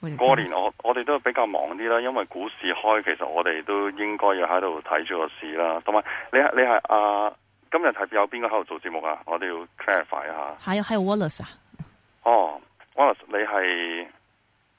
過年 我我哋都比較忙啲啦，因為股市開，其實我哋都應該要喺度睇住個市啦。同埋你你係啊、呃，今日係有邊個喺度做節目啊？我哋要 clarify 一下還。還有還有 Wallace 啊？哦，Wallace 你係。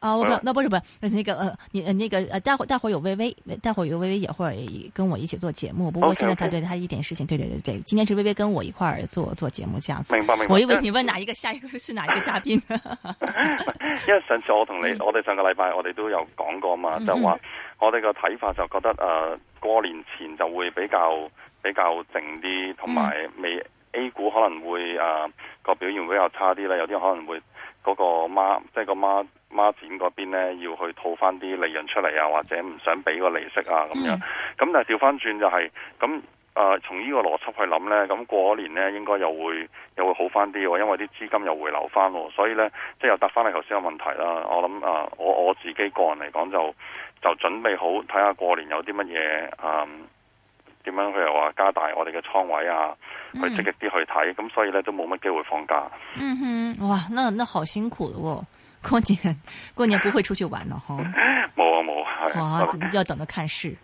哦，唔、啊，那不是，不是，那個，呃，你，那個，呃，待會，待會有微微，待會有微微也會跟我一起做節目，不過現在他對，他一點事情，對，對，對，對，今天是微微跟我一塊做做節目，這樣子。明白明白。明白，我以為你問哪一個下，下一個是哪一個嘉賓呢？因為上次我同你，嗯、我哋上個禮拜我哋都有講過嘛，嗯嗯就話我哋個睇法就覺得，誒、呃，過年前就會比較比較靜啲，同埋未、嗯、A 股可能會，誒、呃、個表現比較差啲啦，有啲可能會嗰個，個媽，即係個媽。孖展嗰邊咧，要去套翻啲利潤出嚟啊，或者唔想俾個利息啊咁樣。咁、嗯、但係調翻轉就係、是、咁，誒，從、呃、呢個邏輯去諗咧，咁過年咧應該又會又會好翻啲喎，因為啲資金又回流翻，所以咧即係又答翻你頭先個問題啦。我諗、呃、我我自己個人嚟講就就準備好睇下過年有啲乜嘢，嗯、呃，點樣佢又話加大我哋嘅倉位啊，嗯、去積極啲去睇，咁所以咧都冇乜機會放假。嗯哼，哇，那那好辛苦嘅喎、哦。過年，過年不會出去玩了哈。冇啊冇，哇有，就要等着看市。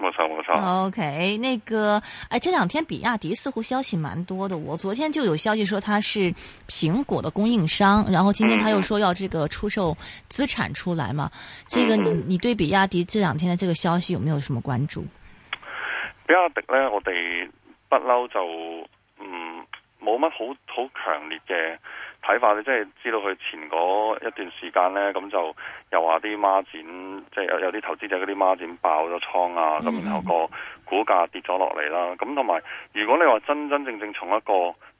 冇錯冇錯。錯 OK，那個哎，這兩天比亞迪似乎消息蠻多的。我昨天就有消息說他是蘋果的供應商，然後今天他又說要這個出售資產出來嘛。嗯、這個你你對比亞迪這兩天的這個消息有沒有什麼關注？比亞迪呢，我哋不嬲就嗯冇乜好好強烈嘅睇法 你即係知道佢前嗰一段時間呢，咁就又話啲孖展，即係有啲投資者嗰啲孖展爆咗倉啊，咁然後個股價跌咗落嚟啦。咁同埋，如果你話真真正正從一個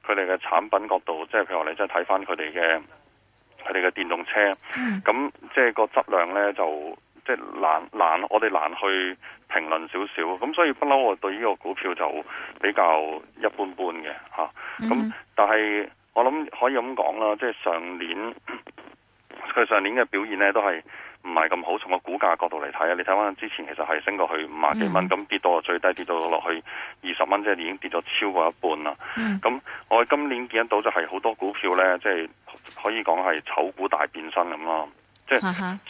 佢哋嘅產品角度，即係譬如話你真係睇翻佢哋嘅佢哋嘅電動車，咁即係個質量呢，就即係難難，我哋難去評論少少。咁所以不嬲，我對呢個股票就比較一般般嘅嚇。咁但係。我諗可以咁講啦，即係上年佢上年嘅表現咧都係唔係咁好，從個股價角度嚟睇啊，你睇翻之前其實係升過去五啊幾蚊，咁、嗯、跌到最低跌到落去二十蚊，即係已經跌咗超過一半啦。咁、嗯、我哋今年見得到就係好多股票咧，即係可以講係醜股大變身咁咯。即係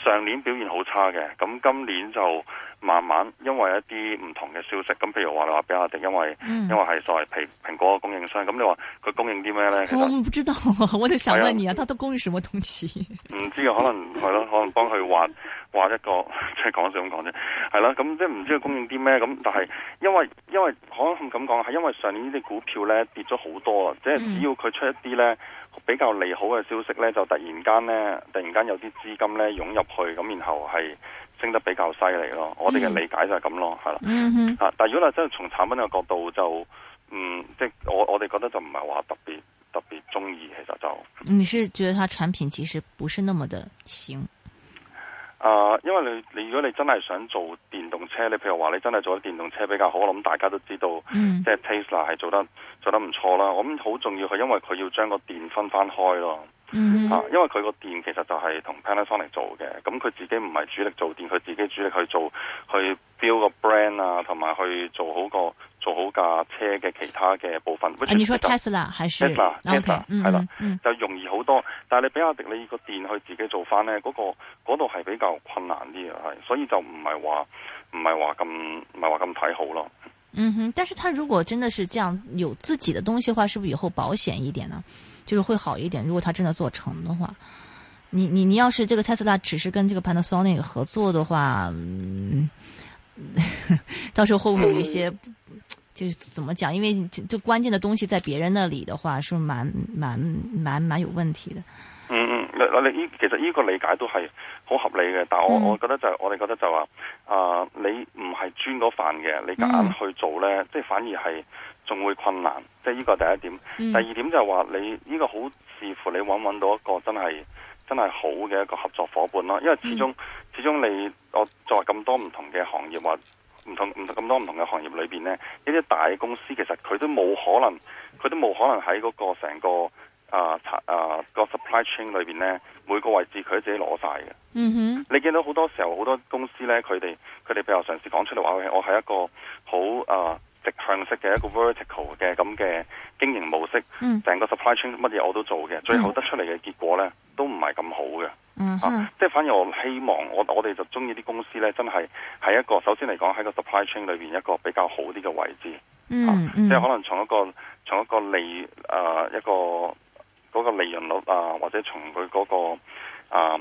上年表現好差嘅，咁今年就慢慢因為一啲唔同嘅消息，咁譬如話你話比亞迪，因為、嗯、因為係所謂蘋蘋果嘅供應商，咁你話佢供應啲咩咧？其實我唔知道，我哋想問你啊，但他都供應什麼東西？唔知啊，可能係咯，可能幫佢畫畫一個，就是、笑即係講少咁講啫，係啦咁即係唔知佢供應啲咩？咁但係因為因為可能咁講？係因為上年呢啲股票咧跌咗好多啊，即係只要佢出一啲咧。比較利好嘅消息咧，就突然間咧，突然間有啲資金咧湧入去，咁然後係升得比較犀利咯。我哋嘅理解就係咁咯，係啦、mm。吓、hmm.，但係如果咧真係從產品嘅角度就，嗯，即係我我哋覺得就唔係話特別特別中意，其實就。你是覺得它產品其實不是那麼的行？啊，uh, 因為你你如果你真係想做電動車，你譬如話你真係做電動車比較好，我諗大家都知道，即係 Tesla 係做得做得唔錯啦。我諗好重要係因為佢要將個電分翻開咯。嗯，啊，因為佢個電其實就係同 Panasonic 做嘅，咁佢自己唔係主力做電，佢自己主力去做去 build 個 brand 啊，同埋去做好個做好架車嘅其他嘅部分。啊，你說 Tesla 還是 Tesla？係啦，就容易好多。但係你比亞迪，你這個電佢自己做翻呢嗰個嗰度係比較困難啲嘅，係，所以就唔係話唔係話咁唔係話咁睇好咯。嗯哼，但是他如果真的是這樣有自己的東西的話，是不是以後保險一點呢？就是會好一點，如果他真的做成的話，你你你要是這個 Tesla 只是跟這個 Panasonic 合作的話，嗯，到時候會不會有一些，嗯、就是怎麼講？因為就關鍵的東西在別人那裏的話，是，是蠻蠻蠻蠻有問題的。嗯嗯，那那你其實呢個理解都係好合理嘅，但我我覺得就是、我哋覺得就話、是、啊、呃，你唔係專嗰份嘅，你夾硬去做咧，嗯、即係反而係，仲會困難，即係呢個第一點。嗯、第二點就係話你呢、呢個好視乎你揾唔揾到一個真係真係好嘅一個合作伙伴咯。因為始終、嗯、始終你我作為咁多唔同嘅行業或唔同唔同咁多唔同嘅行業裏邊呢，呢啲大公司其實佢都冇可能，佢都冇可能喺嗰個成個啊啊啊個 supply chain 裏邊呢，每個位置佢都自己攞晒嘅。嗯哼，你見到好多時候好多公司呢，佢哋佢哋比較嘗試講出嚟話，我係一個好啊。直向式嘅一個 vertical 嘅咁嘅經營模式，成個 supply chain 乜嘢，我都做嘅，最後得出嚟嘅結果咧都唔係咁好嘅，吓，即係反而我希望我我哋就中意啲公司咧，真係喺一個首先嚟講喺個 supply chain 裏邊一個比較好啲嘅位置，即係可能從一個從一個利誒、啊、一個嗰個利潤率啊，或者從佢嗰個啊，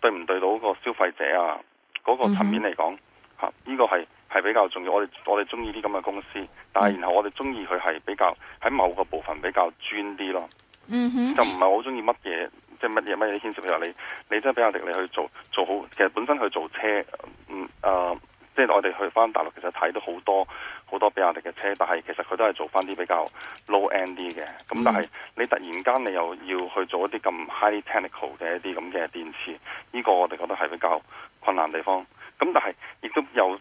對唔對到嗰個消費者啊嗰個層面嚟講，吓呢個係。係比較重要，我哋我哋中意啲咁嘅公司，但係然後我哋中意佢係比較喺某個部分比較專啲咯，嗯哼，就唔係好中意乜嘢，即係乜嘢乜嘢牽涉譬如你，你真係比亞迪你去做做好，其實本身去做車，嗯誒，即係我哋去翻大陸其實睇到好多好多比亞迪嘅車，但係其實佢都係做翻啲比較 low end 啲嘅，咁但係你突然間你又要去做一啲咁 high technical 嘅一啲咁嘅電池，呢個我哋覺得係比較困難地方。咁但係亦都有。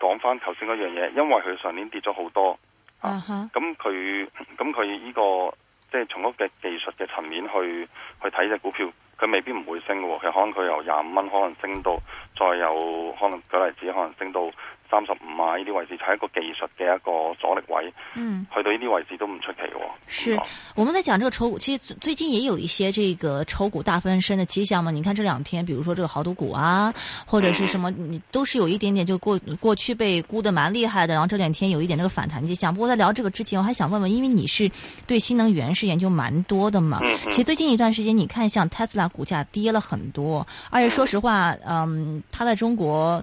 講翻頭先嗰樣嘢，因為佢上年跌咗好多，咁佢咁佢呢個即係從屋嘅技術嘅層面去去睇隻股票，佢未必唔會升嘅，佢可能佢由廿五蚊可能升到，再有可能舉例子可能升到，三十五碼，呢啲位置係一個技術嘅一個阻力位，嗯，去到呢啲位置都唔出奇嘅，哦。是、嗯、我們在講這個醜股，其實最近也有一些這個醜股大翻身的跡象嘛。你看這兩天，比如說這個豪賭股啊，或者是什麼，你都是有一點點就過過去被沽得蠻厲害的，然後這兩天有一點這個反彈跡象。不過在聊這個之前，我還想問問，因為你是對新能源是研究蠻多的嘛。嗯、哼其實最近一段時間，你看像 Tesla，股價跌了很多，而且說實話，嗯，它，嗯、在中國。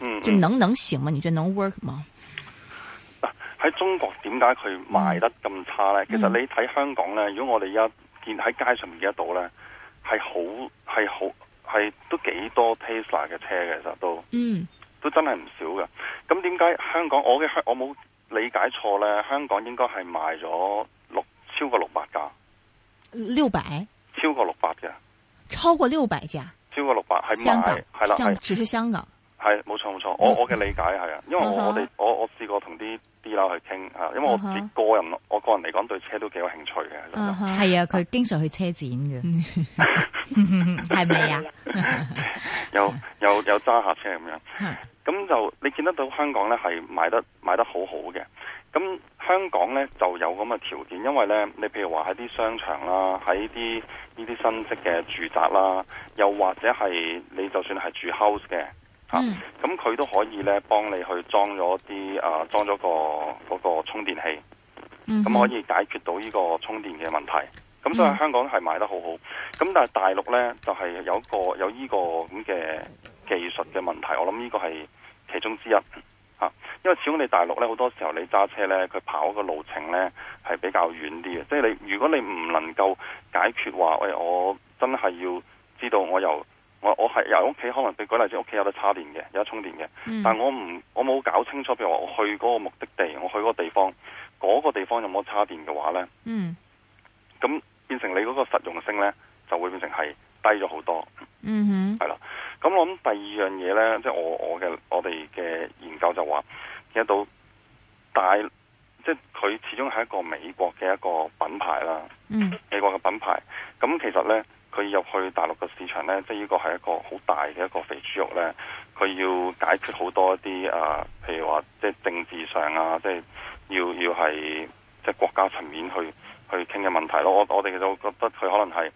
嗯，就能能行嗎？你覺得能 work 嗎？嗱、嗯，喺、嗯啊、中國點解佢賣得咁差咧？嗯、其實你睇香港咧，如果我哋而家見喺街上面見到咧，係好係好係都幾多 Tesla 嘅車嘅，其實都嗯，都真係唔少嘅。咁點解香港？我嘅香我冇理解錯咧，香港應該係賣咗六超過六百架，六百超過六百架？超過六百架，六百？超過六百係香港？係啦，只係香港。係冇錯冇錯，我我嘅理解係啊，因為我、uh huh. 我哋我我試過同啲啲佬去傾啊，因為我自、uh huh. 個人我個人嚟講對車都幾有興趣嘅，係、uh huh. 啊，佢經常去車展嘅，係咪 是啊？有有有揸客車咁樣，咁、uh huh. 就你見得到香港呢係賣得賣得好好嘅，咁香港呢就有咁嘅條件，因為呢你譬如話喺啲商場啦，喺啲呢啲新式嘅住宅啦，又或者係你就算係住 house 嘅。吓，咁佢都可以咧，幫你去裝咗啲誒，裝、啊、咗、個嗰、個充電器，咁、嗯、可以解決到呢個充電嘅問題。咁所以香港係賣得好好，咁、嗯、但係大陸呢，就係、是、有個有呢個咁嘅技術嘅問題，我諗呢個係其中之一吓、啊。因為始終你大陸呢，好多時候你揸車呢，佢跑個路程呢係比較遠啲嘅，即係你如果你唔能夠解決話，喂，我真係要知道我又。我我係由屋企可能，譬如舉例子，屋企有得插電嘅，有得充電嘅，嗯、但係我唔，我冇搞清楚，譬如話我去嗰個目的地，我去嗰個地方，嗰、嗰個地方有冇插電嘅話咧，咁、嗯、變成你嗰個實用性咧，就會變成係低咗好多。嗯係哼啦。咁我諗第二樣嘢咧，即、就、係、是、我我嘅我哋嘅研究就話，睇到大，即係佢始終係一個美國嘅一個品牌啦。嗯、美國嘅品牌，咁其實咧。佢入去大陸嘅市場呢，即係呢個係一個好大嘅一個肥豬肉呢。佢要解決好多一啲啊，譬如話即係政治上啊，即係要要係即係國家層面去去傾嘅問題咯。我我哋就覺得佢可能係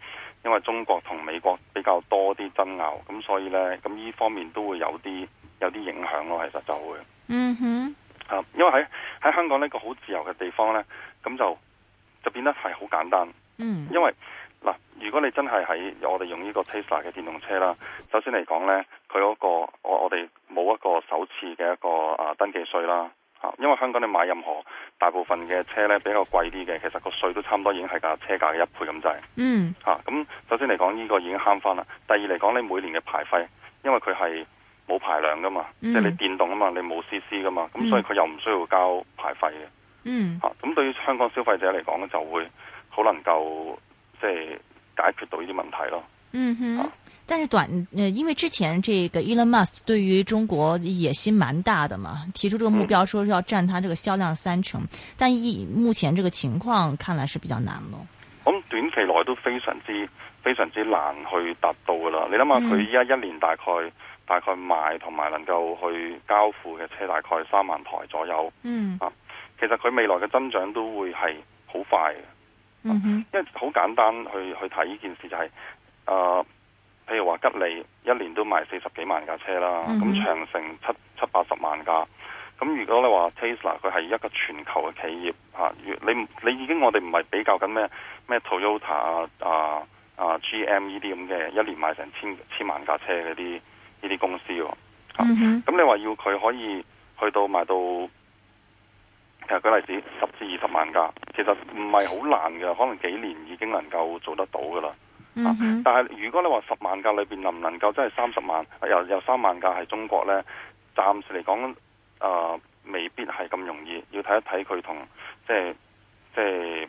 因為中國同美國比較多啲爭拗，咁所以呢，咁呢方面都會有啲有啲影響咯。其實就會嗯哼、mm hmm。啊、因為喺喺香港呢個好自由嘅地方呢，咁就就變得係好簡單。嗯、mm，hmm。因為如果你真係喺我哋用呢個 Tesla 嘅電動車啦，首先嚟講呢，佢嗰、那個我我哋冇一個首次嘅一個啊登記稅啦吓、啊，因為香港你買任何大部分嘅車呢，比較貴啲嘅，其實個稅都差唔多已經係架車價嘅一倍咁滯，嗯吓。咁、啊、首先嚟講呢個已經慳翻啦。第二嚟講，你每年嘅牌費，因為佢係冇排量噶嘛，嗯、即係你電動啊嘛，你冇 c c 噶嘛，咁、嗯、所以佢又唔需要交牌費嘅嗯吓。咁、啊、對於香港消費者嚟講咧，就會好能夠即係。解決到呢啲問題咯。嗯哼，啊、但是短、呃，因為之前這個 Elon Musk 對於中國野心蠻大的嘛，提出這個目標說要佔他這個銷量三成，嗯、但以目前這個情況看來是比較難咯。咁、嗯、短期內都非常之非常之難去達到噶啦。你諗下佢依家一年大概、嗯、大概賣同埋能夠去交付嘅車大概三萬臺左右。嗯啊，其實佢未來嘅增長都會係好快嘅。嗯哼，mm hmm. 因為好簡單去去睇呢件事就係、是，誒、呃，譬如話吉利一年都賣四十幾萬架車啦，咁、mm hmm. 長城七七八十萬架，咁如果你話 Tesla 佢係一個全球嘅企業啊，你你已經我哋唔係比較緊咩咩 Toyota 啊啊 GM 呢啲咁嘅，一年賣成千千萬架車嗰啲呢啲公司喎，咁、啊 mm hmm. 啊、你話要佢可以去到賣到。舉個例子，十至二十萬架，其實唔係好難嘅，可能幾年已經能夠做得到嘅啦、嗯哼啊。但係如果你話十萬架裏邊能唔能夠真係三十萬，又、呃、有三萬架係中國呢，暫時嚟講，誒、呃，未必係咁容易，要睇一睇佢同即係即係。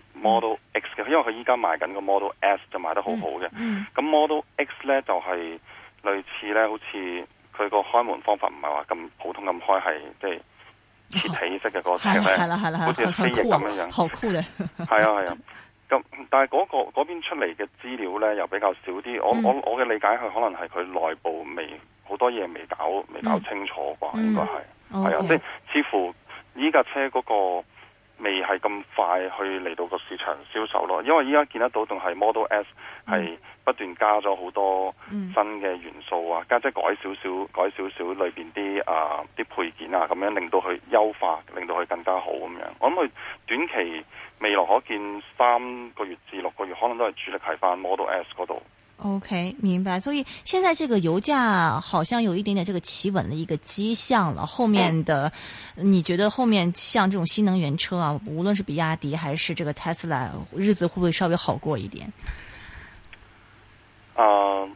Model X 嘅，因為佢依家賣緊個 Model S 就賣得好好嘅，咁 Model X 呢，就係類似呢，好似佢個開門方法唔係話咁普通咁開，係即係立體式嘅嗰個車呢，好似飛翼咁樣樣，係啊係啊，咁但係嗰個嗰邊出嚟嘅資料呢，又比較少啲，我我我嘅理解佢可能係佢內部未好多嘢未搞未搞清楚啩，應該係，係啊，即係似乎呢架車嗰個未係咁快去嚟到個市場銷售咯，因為依家見得到仲係 Model S 係不斷加咗好多新嘅元素啊，加即係、嗯、改少少、改少少裏邊啲啊啲配件啊，咁樣令到佢優化，令到佢更加好咁樣。我諗佢短期未來可見三個月至六個月，可能都係主力喺翻 Model S 嗰度。O、okay, K，明白。所以現在這個油價好像有一點點這個企穩的一個跡象了。後面的，嗯、你覺得後面像這種新能源車啊，無論是比亞迪還是這個 Tesla，日子會不會稍微好過一點？啊、呃，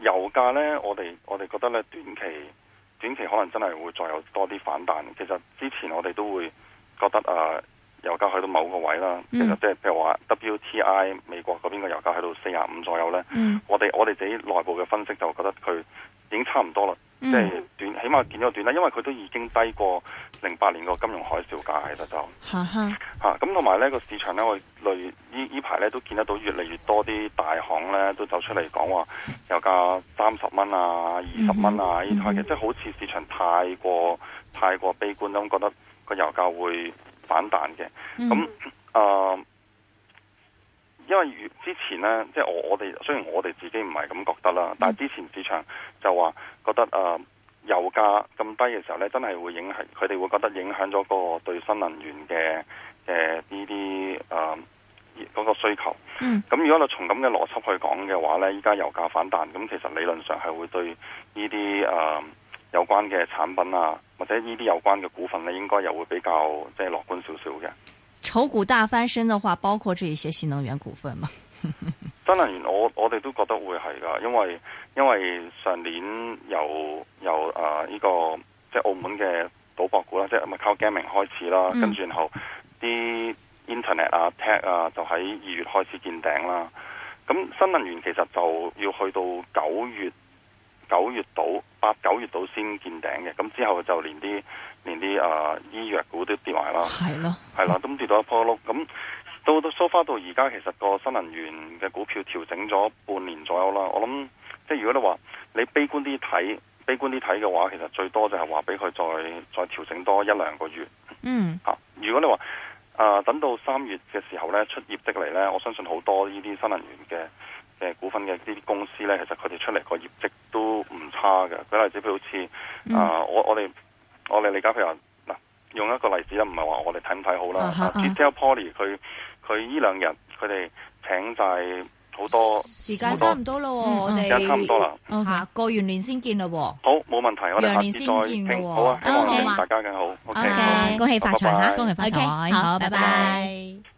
油價呢，我哋我哋覺得呢，短期短期可能真係會再有多啲反彈。其實之前我哋都會覺得啊。呃油價去到某個位啦，嗯、其實即係譬如話 WTI 美國嗰邊嘅油價去到四十五左右咧，嗯、我哋我哋自己內部嘅分析就覺得佢已經差唔多啦，即係、嗯、短，起碼見咗個短啦，因為佢都已經低過零八年個金融海嘯價其實就，嚇咁同埋咧個市場咧，我類這呢呢排咧都見得到越嚟越多啲大行咧都走出嚟講話油價三十蚊啊、二十蚊啊呢啲，即係好似市場太過太過悲觀咁，覺得個油價會反彈嘅，咁啊、嗯呃，因為之前呢，即係我我哋雖然我哋自己唔係咁覺得啦，但係之前市場就話覺得啊、呃，油價咁低嘅時候呢，真係會影響佢哋會覺得影響咗嗰個對新能源嘅誒呢啲啊嗰個需求。咁、嗯、如果你從咁嘅邏輯去講嘅話呢，依家油價反彈，咁其實理論上係會對呢啲啊。呃有關嘅產品啊，或者呢啲有關嘅股份呢，應該又會比較即係樂觀少少嘅。醜股大翻身嘅話，包括這一些新能源股份嗎？ 新能源，我我哋都覺得會係噶，因為因為上年由由誒呢個即係澳門嘅賭博股啦，即係 Macau gaming 開始啦，跟住、嗯、後啲 internet 啊、tech 啊，就喺二月開始見頂啦。咁新能源其實就要去到九月九月到。八九月度先見頂嘅，咁之後就連啲連啲誒、啊、醫藥股都跌埋啦，係咯的，係啦，咁跌到一波碌，咁到到 so far 到而家。其實個新能源嘅股票調整咗半年左右啦。我諗，即係如果你話你悲觀啲睇，悲觀啲睇嘅話，其實最多就係話俾佢再再調整多一兩個月。嗯，吓、啊，如果你話誒、呃、等到三月嘅時候咧出業績嚟咧，我相信好多呢啲新能源嘅嘅股份嘅呢啲公司咧，其實佢哋出嚟個業績都唔差嘅，佢例子譬如好似啊，我我哋我哋而家，譬如話嗱，用一個例子啊，唔係話我哋睇唔睇好啦。Detail Poly 佢佢依兩日佢哋請晒好多，時間差唔多咯，我哋差唔多啦，下過完年先見咯。好，冇問題，我哋下次再傾。好啊，大家嘅好，OK，恭喜發財吓，恭喜發財，好，拜拜。